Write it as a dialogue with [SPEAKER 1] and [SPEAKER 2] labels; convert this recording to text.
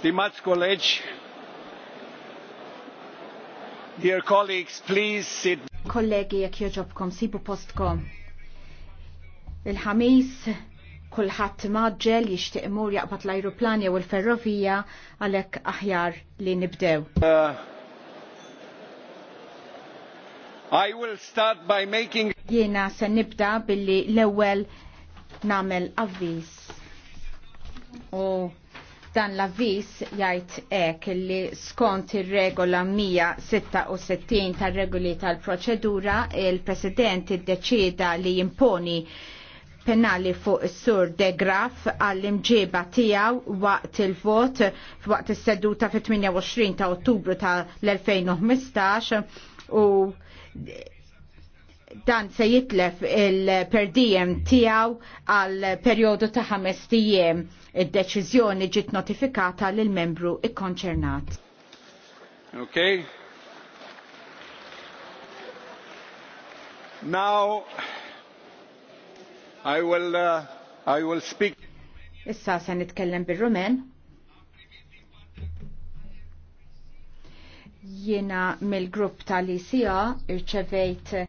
[SPEAKER 1] Stimați colegi, dear colleagues, please sit. Kollegi, jek joġobkom, sibu postkom. Il-ħamis kulħadd maġġel jixtieq imur jaqbad l-ajruplani u l-ferrovija għalhekk aħjar li nibdew. Uh, I will start by making Jiena se nibda billi l-ewwel namel avviż. U Dan l-avvis jgħid hekk li skont ir-regola 166 tar-regoli tal-proċedura il-President iddeċieda li jimponi penali fuq is-sur de Graf għall-imġiba tiegħu waqt il-vot waqt is-seduta fit-28 ta' Ottubru tal-2015 u dan se jitlef il-perdijem tijaw għal periodu ta' ħames tijem Id-deċizjoni ġit notifikata lill-membru ikkonċernat. Ok. Now I will uh, I will speak Issa se nitkellem bil rumen Jiena mill-grupp tal-ICA irċevejt